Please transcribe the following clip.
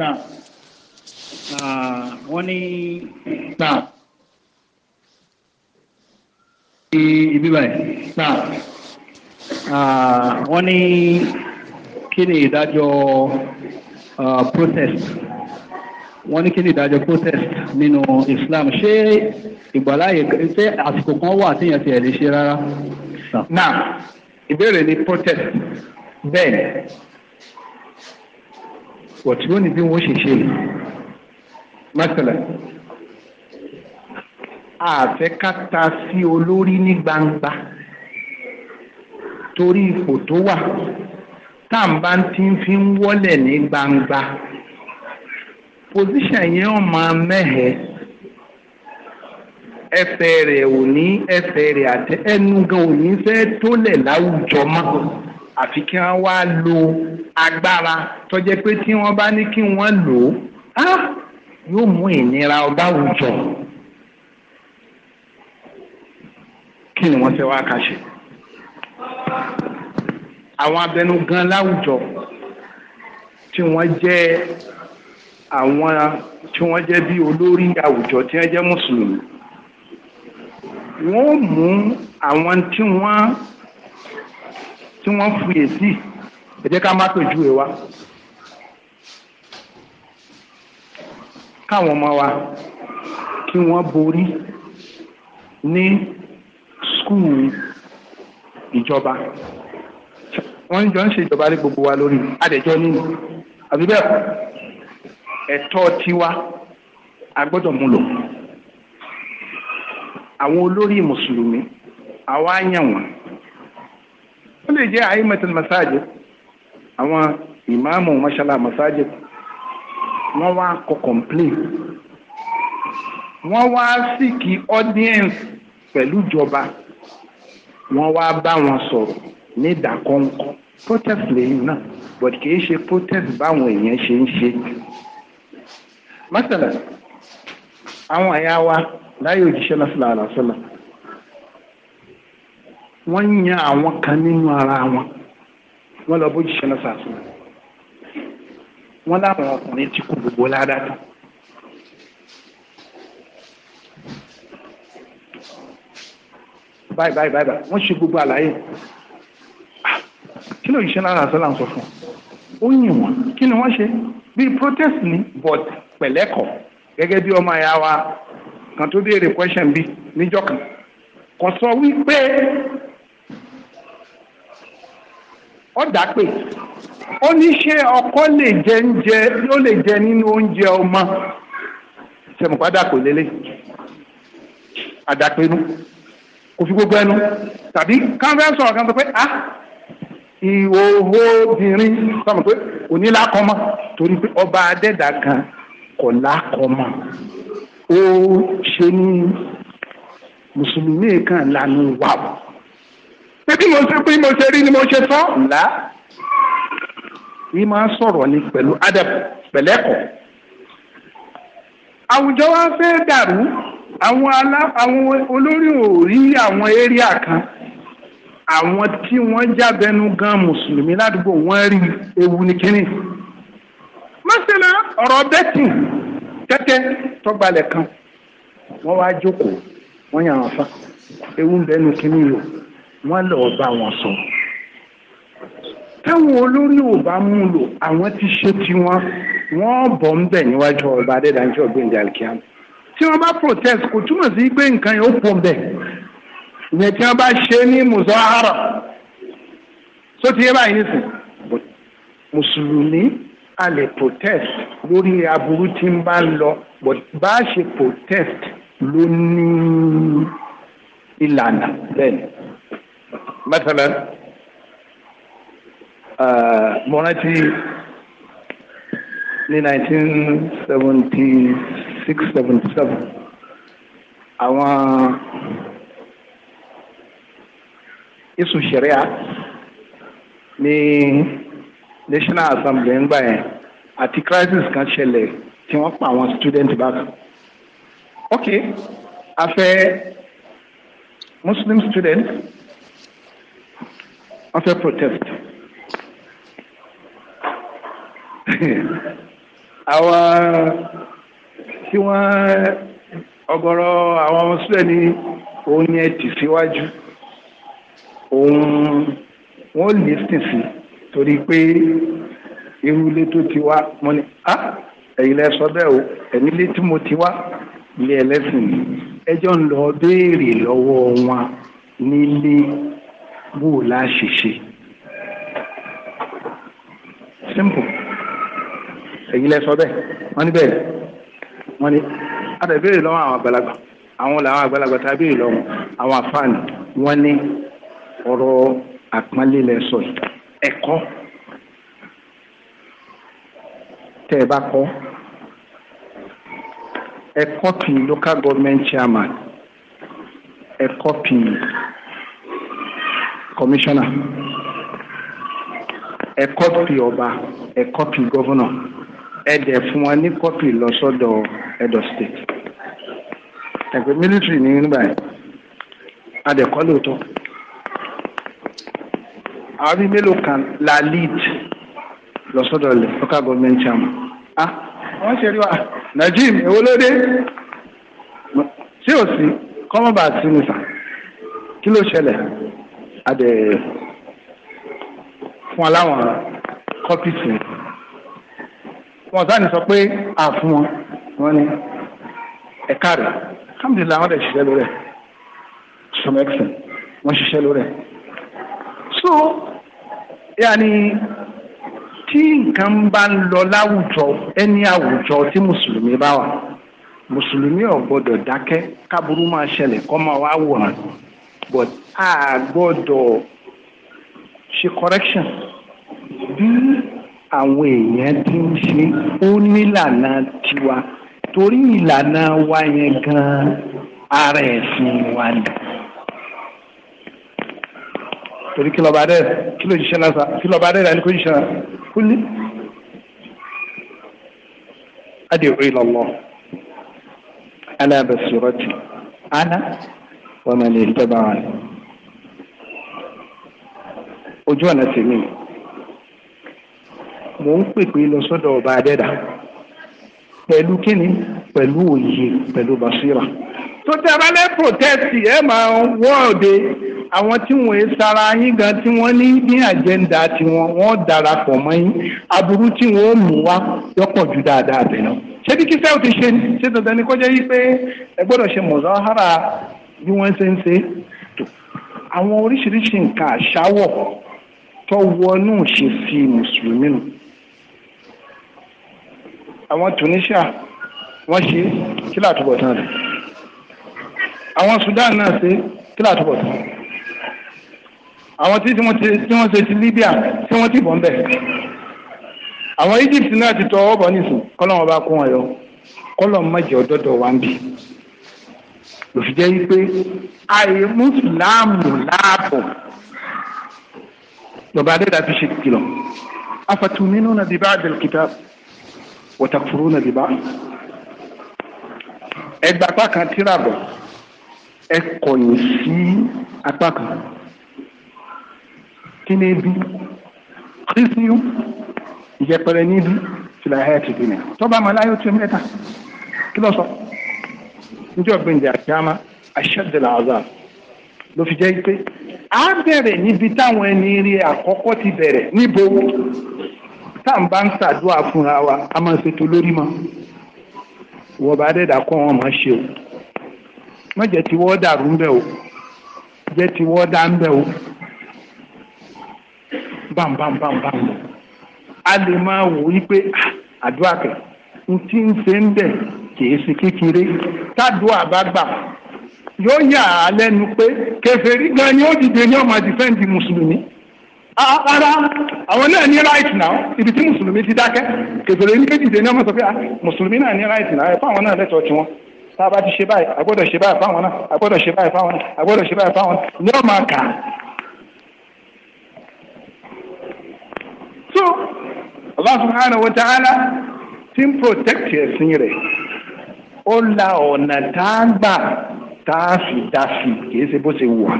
náà uh, wọ́n ní náà ní ibi báyìí náà uh, wọ́n ní kí ni ìdájọ́ uh, protest wọ́n ní kí ni ìdájọ́ protest nínú Islam ṣé ìgbàláyè ṣé àsìkò kan wà tíyàn ti ẹ̀ lè ṣe rárá. náà ìbéèrè ni protest bẹ́ẹ̀ wọ̀tí wọ́n ní bí wọ́n ṣe ṣe mọ́sálà àfẹ́káta sí olórí ní gbangba torí ipò tó wà táǹbá ti ń fi ń wọ́lẹ̀ ní gbangba pòsíṣàn yẹn ò máa mẹ́hẹ̀ẹ́ ẹsẹ̀ rẹ̀ ò ní ẹsẹ̀ rẹ̀ àti ẹnu gan ò ní fẹ́ tólẹ̀ láwùjọ mọ́ àfi kí wọ́n wá lo agbára tó jẹ́ pé tí wọ́n bá ní kí wọ́n lò ó yóò mú ìnira ọba àwùjọ kí ni wọ́n fẹ́ wá ká ṣe àwọn abẹnugan láwùjọ tí wọ́n jẹ́ àwọn tí wọ́n jẹ́ bí olórí àwùjọ tí wọ́n jẹ́ mùsùlùmí wọ́n mú àwọn tí wọ́n tí wọ́n fuyè sí ẹ jẹ́ ká má pèjú ẹ wá. káwọn ọmọ wa kí wọ́n borí ní skul ìjọba wọ́n jọ ń ṣe ìjọba lé gbogbo wa lórí adẹ̀jọ́ nínú àbí bẹ́ẹ̀ ẹ̀tọ́ tiwa a mú lò àwọn olórí mùsùlùmí àwa á yàn wọ́n lè jẹ́ àyímọ̀tìl masajid àwọn ìmáàmù mọ́ṣálá masajid wọ́n wá kọ complain wọ́n wá síkì audience pẹ̀lú ìjọba wọ́n wá bá wọn sọ̀rọ̀ ní ìdákọ́ńkọ́ protest lẹ́yìn náà but kì í ṣe protest báwọn èèyàn ṣe ń ṣe. mọ́sálà àwọn àyà wa láyé òjíṣẹ́ lọ́sọ̀lá àlàsọ́lá wọ́n yan àwọn kan nínú ara wọn wọ́n lọ bó jíṣẹ́ lọ́sàá sí wọn wọ́n láwọn ọkùnrin tí kò gbogbo ládàá tán. báyìí báyìí báyìí wọ́n ṣe gbogbo àlàyé ah, kí ló jíṣẹ́ lára sọ́lá ń fún ó yìn wọ́n kí ni wọ́n ṣe bí protest ni but pẹ̀lẹ́kọ̀ gẹ́gẹ́ bí ọmọ ẹ̀yà wa kan tó béèrè question bí níjọ́ kan kò sọ wípé Ọ dàpè ó ní ọkọ lè jẹ oúnjẹ ló lè jẹ nínú oúnjẹ ọmọ sẹmùpádà kò lélẹ̀ àdàpẹnu kò fi gbogbo ẹnu tàbí káńfẹ́ sọ̀rọ̀ kan sọ pé a ah, ìhòòhò obìnrin sọmọ pé onílàkọmọ torí pé ọba adẹ́dà kan kò lákọmọ ó ṣe ní mùsùlùmí kan lanu wàwọ̀. pé bí mo ṣe bí mo ṣe rí ni mo ṣe sọ là yìí máa sọ̀rọ̀ ni pẹ̀lú adab pẹ̀lẹ́kọ̀ àwùjọ wa fẹ́ dàrú àwọn alá àwọn olórí ò rí àwọn éríà kan àwọn tí wọ́n jábẹnu gan mùsùlùmí ládùúgbò wọ́n rí ewu ní kínní mọ́sálà ọ̀rọ̀ bẹ́tìn kẹ́kẹ́ tọ́gbalẹ̀ kan wọ́n wá jókòó wọ́n yàn án fa ewu ń bẹ́nu kínní yìí o wọ́n lọ́ọ́ bá wọn sọ. táwọn olórí ò bá mú lò àwọn ti ṣe tiwọn wọ́n bọ̀ ń bẹ̀ níwájú ọba adédáńjọ́ gbẹ̀ǹdé alikiam tí wọ́n bá protest kò túmọ̀ sí pé nǹkan yóò pọ̀ bẹ̀ ìyẹn tí wọ́n bá ṣe ní muzahara sóti yé báyìí nísìn mùsùlùmí a lè protest lórí aburú tí ń bá ń lọ bá a ṣe protest ló ní ìlànà bẹ́ẹ̀ ni mẹ́tẹ̀lẹ́ mo uh, ni 1976-77, seventy àwọn isu sharia ni national assembly ń gbà yẹn àti crisis kan ṣẹlẹ̀ tí wọ́n pa àwọn student back ok a muslim students after protest. àwọn tí wọ́n ọ̀gọ̀rọ̀ àwọn ọmọ sílẹ̀ ní òun ni ẹ tì síwájú òun wọ́n lè sìn sí torí pé irú ilé tó ti wá mo ní á ah, ẹ̀yin lẹ sọ bẹ́ẹ̀ o ẹ̀mí ilé tí mo ti wá ilé ẹlẹ́sìn ẹjọ́ ń lọ béèrè lọ́wọ́ wọn nílé bó la ṣe ṣe simple èyí lẹ sọ bẹ́ẹ̀ wọ́n ní bẹ́ẹ̀ wọ́n ní àtẹ ìbéèrè lọ́wọ́ àwọn àgbàlagbà àwọn làwọn àgbàlagbà tá a béèrè lọ́wọ́ àwọn àfààní wọ́n ní ọ̀rọ̀ àpọ́nlé lẹ sọ yìí ẹ̀kọ́ tẹ́ ẹ bá kọ́ ẹ̀kọ́ pin local government chairman ẹ̀kọ́ pin commissioner ẹ kọ́pì ọba ẹ kọ́pì gọ́vùnà ẹ dẹ̀ fún wọn ní kọ́pì lọ sọ́dọ̀ state ẹ̀pẹ́ mílítìrì ní nígbà yẹn a dẹ̀ kọ́ lóòótọ́ àwọn bíi mélòó kan la lead lọ sọ́dọ̀ local government chairman ah wọ́n ṣe rí wa Najim èwo ló dé ṣé ò sí kọ́mọ́bà sí ni sà kí ló ṣẹlẹ̀ adẹ fún aláwọn kọ́pìsì wọn sáà ní sọ pé àfún wọn wọn ni ẹ̀ka rẹ̀ alhamdulilayi wọn dẹ̀ ṣiṣẹ́ lórí ẹ̀ some wọn ṣiṣẹ́ lórí ẹ̀ so yaani tí nǹkan bá ń lọ láwùjọ ẹni àwùjọ tí mùsùlùmí bá wà mùsùlùmí ò gbọdọ̀ dákẹ́ káburú máa ṣẹlẹ̀ kó máa wá wòran but a gbọ́dọ̀ ṣe correction bí àwọn èèyàn ti ń ṣe ó nílànà tiwa torí ìlànà wa yẹn gan ara ẹ̀sìn wa ni. torí kí lọ́ba dẹ́rẹ́ kí ló ṣiṣẹ́ náà sa kí lọ́ba dẹ́rẹ́ ẹni kò ṣiṣẹ́ náà kúlí. ad'u ila Allah ala basirati ana. ومن اتبعني ojú ọ̀nà tèmi mò ń pèpè lọ sọ́dọ̀ ọba adẹ́dà pẹ̀lú kíni pẹ̀lú òye pẹ̀lú basira tó tẹ́ bá lẹ́ protest ẹ máa wọ́ọ̀dẹ àwọn tí wọ́n ń sara yín gan tí wọ́n ní ní àjẹ́ńdà tiwọn wọ́n darapọ̀ mọ́ yín aburú tí wọ́n mú wá yọkọ̀ ju dáadáa bẹ̀ lọ. ṣé bí kí sẹ́wọ̀n ti ṣe ṣé dandan ni kó yí pé ẹ gbọ́dọ̀ ṣe mọ̀záhárà bí wọ́n ṣe ń ṣe tó àwọn oríṣiríṣi nǹkan àṣàwọ̀ tó wọnú ṣe sí mùsùlùmí nù àwọn Tunisia wọ́n ṣe kí látúbọ̀ tán rẹ̀ àwọn Sudan náà ṣe kí látúbọ̀ tán àwọn tí wọ́n ṣe ti Libya tí wọ́n ti bọ̀ ń bẹ̀ àwọn Egypt náà ti tọ ọwọ́ bọ̀ nísìn kọ́lọ́wọ́n bá kún wọn yọ kọ́lọ́ mọ̀jẹ̀ ọ̀dọ́dọ̀ wa ń bì ló fi jẹ́ wípé àyè mùsùlámù láàbọ̀ lọ́ba adéda fi ṣe kìlọ̀ afatuminuna bi ba'd al-kitab wa takfuruna bi ba'd ẹgbẹ́ apá kan tíra bọ̀ ẹ kọ̀yìn sí apá kan kí ni bí kírísíyù ìyẹpẹrẹ níbi fìlà ẹ̀ ti tọ́ba àmàlà yóò tún mẹ́ta kí ló sọ. níjọ́ gbẹ̀ǹdẹ̀ àkíyàmá aṣẹ́dẹ̀lá azab ló fi a bẹ̀rẹ̀ níbi táwọn ẹni rí àkọ́kọ́ ti bẹ̀rẹ̀ níbo tá n bá ń ṣàdúrà wa a máa ṣètò lórí mọ́ wọ́n bá dẹ́dà wọn ma ṣe o má jẹ́ ti wọ́n o ti a a kìí sí kékeré tádùá àbágbà yóò yà á lẹ́nu pé kèfèrí gan ni ó dìde ní ọmọ dìfẹ́ǹdì mùsùlùmí ara àwọn náà ní right now ibi tí mùsùlùmí ti dákẹ́ kèfèrí ní kéjìdé ní ọmọ sọ ah, mùsùlùmí náà ní right now ẹ àwọn náà lẹ́tọ̀ọ́ tiwọn tá a bá ti ṣe báyìí a ṣe báyìí fáwọn náà a ṣe báyìí fáwọn náà a ṣe báyìí fáwọn náà ní ọmọ àkà. so Allah subhanahu wa ta'ala ti ń protect ẹ̀sìn rẹ̀ ó la ọ̀nà tá a gbà tá a fi dá sí i kìí ṣe bó ṣe wù wá.